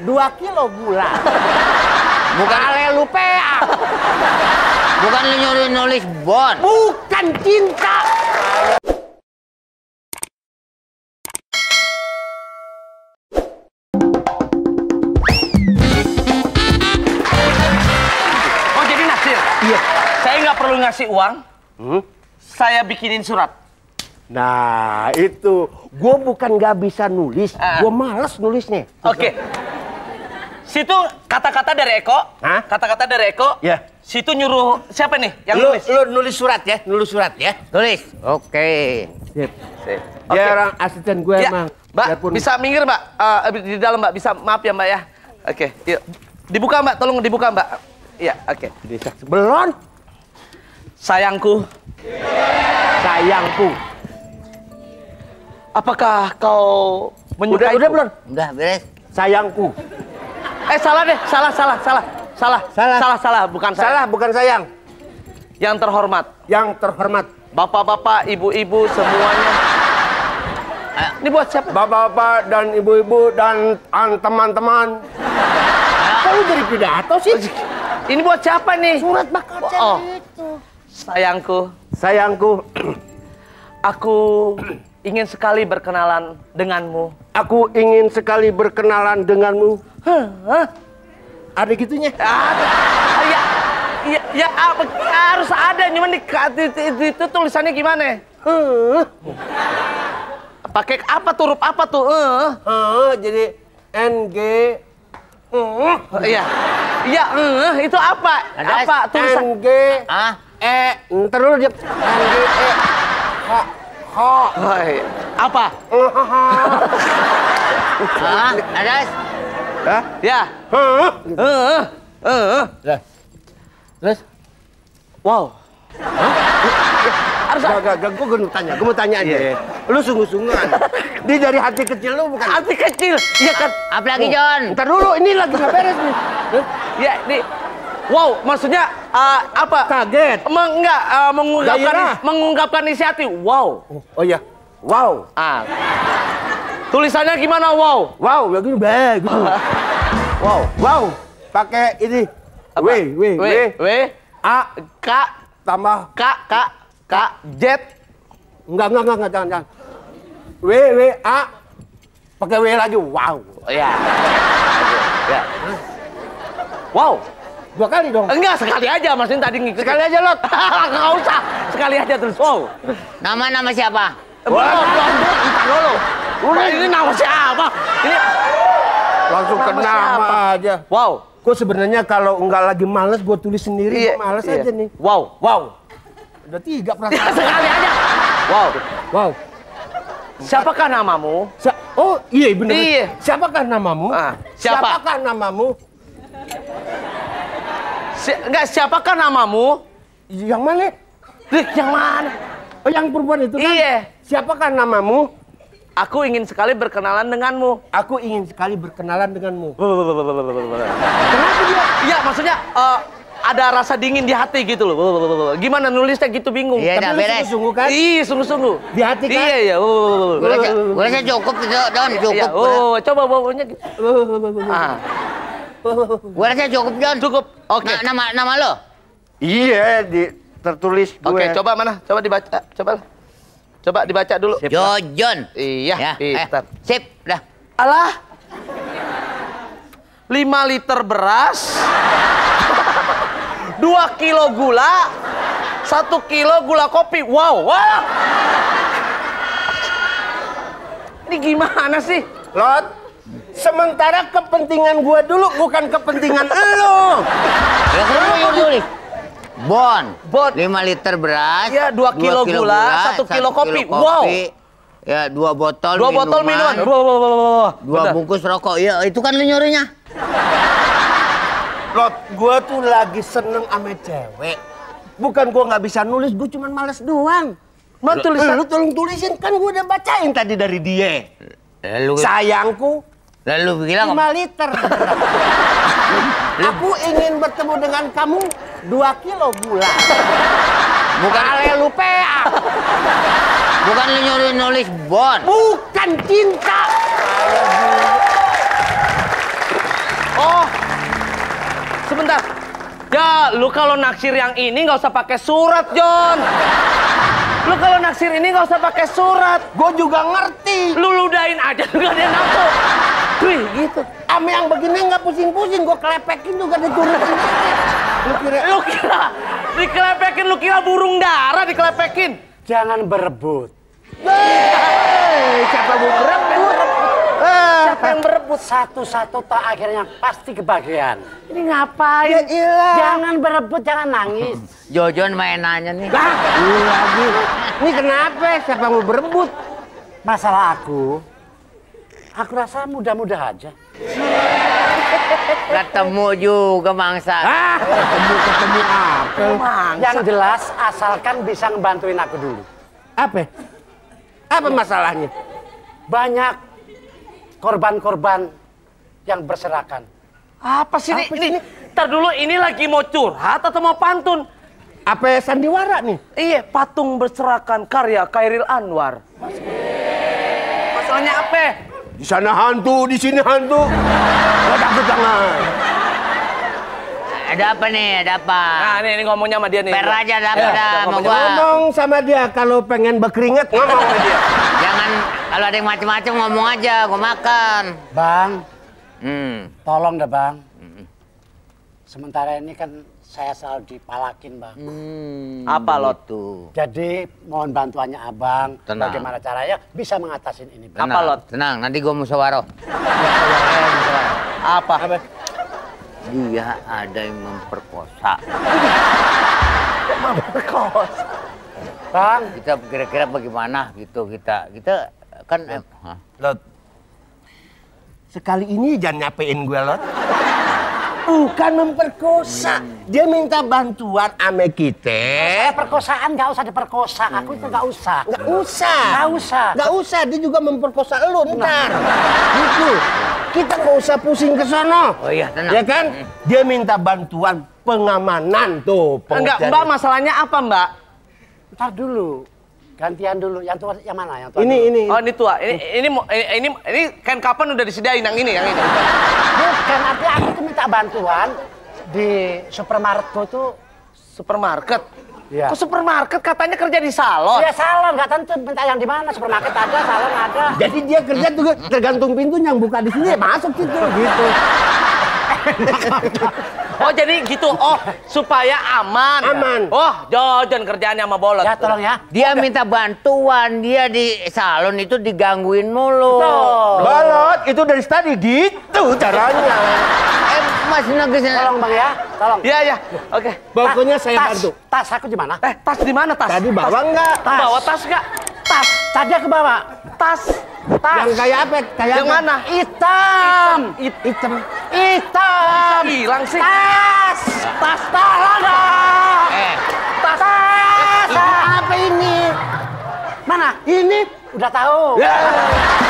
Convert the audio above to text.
Dua kilo gula. Bukan ale lupea. Bukan nyuruh nulis bon. Bukan cinta. Oh jadi nasir, Iya. Saya nggak perlu ngasih uang. Hmm? Saya bikinin surat. Nah itu, gue bukan gak bisa nulis, ah. gue males nulisnya. Oke. Okay. Situ kata-kata dari Eko, kata-kata dari Eko, ya. Yeah. situ nyuruh siapa nih yang lu, nulis? Lu nulis surat ya, nulis surat ya. Nulis. Oke. Okay. Sip. Sip. Dia orang asisten gue ya. emang. Mbak, Biarpun... bisa minggir mbak, uh, di dalam mbak, bisa maaf ya mbak ya. Oke, okay, yuk. Dibuka mbak, tolong dibuka mbak. Iya, oke. Okay. Belon. Sayangku. Yeah. Sayangku. Apakah kau menyukai? Udah, udah belum? Udah, beres. Sayangku. Eh salah deh, salah, salah, salah, salah, salah, salah, salah, bukan sayang. salah, bukan sayang. Yang terhormat. Yang terhormat. Bapak-bapak, ibu-ibu, semuanya. ini buat siapa? Bapak-bapak dan ibu-ibu dan teman-teman. Kok lu jadi pidato sih? Ini buat siapa nih? Surat bakal oh, oh. itu. Sayangku. Sayangku. Aku ingin sekali berkenalan denganmu. Aku ingin sekali berkenalan denganmu. Hah? Ada gitunya? Ada. Ah, ya, ya, ya ah, harus ada. Cuman di, itu, di itu tulisannya gimana? Huh? Pakai apa tuh? Rup apa tuh? Huh? Huh, jadi NG Uh, oh, iya. Iya, uh, itu apa? Ada apa tulisan? N G E terus dia N E apa? Hah? guys Hah? ya heeh heeh heeh terus wow harus gak, gak, gak, gue mau tanya, gue mau tanya aja. Yeah. Iya. Lu sungguh-sungguhan. Dia dari hati kecil lu bukan? Hati kecil, iya kan? Apalagi oh. John? Ntar dulu, ini lagi gak beres nih. Ya, di. Wow, maksudnya uh, apa? Kaget. Meng, enggak uh, mengungkapkan mengungkapkan mengungkapkan inisiatif. Wow. Oh, oh iya. Wow. Ah. Tulisannya gimana? Wow. Wow, ya gini gitu. wow. Wow. Pakai ini. W, W, W, W, A, K, tambah K, K, K, Z. Enggak, enggak, enggak, enggak, jangan, jangan. W, W, A, pakai W lagi. Wow. Oh, iya. Yeah. Ya. yeah. Wow. Dua kali dong. Enggak, sekali aja Mas Din tadi ngikut. Sekali aja, Lot. Enggak usah. Sekali aja terus. Wow. Nama-nama siapa? Wow, belum. ini nama siapa? Ini langsung ke nama aja. Wow. Gue sebenarnya kalau enggak lagi males gue tulis sendiri, iya, gue males iya. aja nih. Wow, wow. Udah tiga perasaan. sekali aja. Wow. Wow. Siapakah namamu? oh iya benar. Iya. Siapakah namamu? Ah, siapa? Siapakah namamu? Si enggak siapakah namamu? Yang mana? Rik, yang mana? Oh, yang perempuan itu kan? Iya. Siapakah namamu? Aku ingin sekali berkenalan denganmu. Aku ingin sekali berkenalan denganmu. Iya, maksudnya uh, ada rasa dingin di hati gitu loh. Gimana nulisnya gitu bingung. Iya, Tapi beres. sungguh kan? Iya, sungguh-sungguh. Di hati kan? Iya, iya. Gue rasa cukup, Don. Cukup. Oh, coba bawanya gitu. Ah. Gue rasa cukup John. Cukup. Oke. Okay. nama nama lo? Iya, di tertulis gue. Oke, okay, coba mana? Coba dibaca. Coba Coba dibaca dulu. Sip, Jojon. Iya, ya, eh, pintar. Eh, sip, dah. Alah. 5 liter beras. Dua kilo gula. Satu kilo gula kopi. Wow, wow. Ini gimana sih? Lot, Sementara kepentingan gua dulu bukan kepentingan elu. Ya kenapa yuk Bon. Bon. 5 liter beras. Ya, 2 kilo, kilo gula, satu 1 kilo kopi. Kilo kopi. Wow. Ya, dua botol dua minuman. Botol minuman. Dua wow, wow, Dua Bentar. bungkus rokok. Ya, itu kan lu nyurinya. Lot, gua tuh lagi seneng sama cewek. Bukan gua nggak bisa nulis, gua cuman males doang. Mau tulisan lu tolong tulisin kan gua udah bacain tadi dari dia. Lu... Sayangku, Lalu bilang 5 liter. Aku ingin bertemu dengan kamu 2 kilo gula. Bukan alelupea. Bukan nyuruh nulis bon. Bukan cinta. Oh. Sebentar. Ya, lu kalau naksir yang ini nggak usah pakai surat, John. Lu kalau naksir ini nggak usah pakai surat. Gue juga ngerti. Lu ludain aja, lu gak ada nafsu. Wih gitu. Ame yang begini nggak pusing-pusing, gue kelepekin juga di turun. Lu kira? Lu kira? Dikelepekin, lu kira burung dara dikelepekin? Jangan berebut. Hei, siapa mau berebut? Eh. Siapa yang berebut satu-satu tak akhirnya pasti kebahagiaan. Ini ngapain? Ya, jangan berebut, jangan nangis. Jojon mainannya nih. Lah, ini iya lagi. Ini kenapa? Siapa mau berebut? Masalah aku, Aku rasa mudah-mudah aja. Ketemu juga mangsa. Ah. ketemu ketemu apa? Yang jelas asalkan bisa ngebantuin aku dulu. Apa? Apa masalahnya? Banyak korban-korban yang berserakan. Apa sih apa ini? Sih? dulu ini lagi mau curhat atau mau pantun? Apa sandiwara nih? Iya, patung berserakan karya Kairil Anwar. Masalahnya apa? Di sana hantu, di sini hantu. Gak takut tangan. Ada apa nih? Ada apa? Nah, ini, ini ngomongnya sama dia nih. Per aja ada apa ya, dah sama gua. Ngomong sama dia kalau pengen berkeringat ngomong sama dia. Jangan kalau ada yang macam-macam ngomong aja, gua makan. Bang. Hmm. Tolong deh, Bang. Hmm. Sementara ini kan saya selalu dipalakin bang. Hmm. Apa lo tuh? Jadi mohon bantuannya abang. Tenang. Bagaimana caranya bisa mengatasin ini? Bang. Apa lo? Tenang, nanti gue musyawarah. Apa? Apa? Dia ada yang memperkosa. memperkosa. Bang. Kita kira-kira bagaimana gitu kita kita kan. Lot. Eh, sekali ini jangan nyapein gue lot bukan memperkosa. Dia minta bantuan ame kita. Perkosaan nggak usah diperkosa. Aku itu nggak usah. Nggak usah. Nggak usah. Nggak usah. Dia juga memperkosa lu ntar. Gitu. Kita nggak usah pusing ke sana. Oh iya, tenang. Ya kan? Hmm. Dia minta bantuan pengamanan tuh. Enggak, Mbak, masalahnya apa, Mbak? Ntar dulu gantian dulu yang tua yang mana yang tua ini dulu. ini oh ini tua ini ini ini ini, ini kan kapan udah disediain yang ini yang ini Ini bukan artinya aku minta bantuan di supermarket tuh supermarket Ya. Kok supermarket katanya kerja di salon. ya salon, nggak tentu minta yang di mana supermarket ada, salon ada. Jadi dia kerja tuh tergantung pintu yang buka di sini ya masuk situ oh, gitu. oh jadi gitu, oh supaya aman. Aman. Oh jajan kerjaannya sama bolot Ya tolong ya. Dia minta bantuan, dia di salon itu digangguin mulu. Betul. Bolot itu dari tadi gitu caranya. Mas Nugis. Tolong Bang ya, tolong. Iya, iya. Oke. Okay. Pokoknya saya bantu. Tas aku di mana? Eh, tas di mana tas? Tadi bawa enggak? Tas. Bawa tas enggak? Tas. Tadi aku bawa. Tas. Tas. Yang kayak apa? Kayak Yang mana? Hitam. Hitam. Hitam. Hitam. sih. Tas. Tas. Tas. Eh. Tas. Tas. Eh. Apa ini? Mana? Ini udah tahu. Yeah.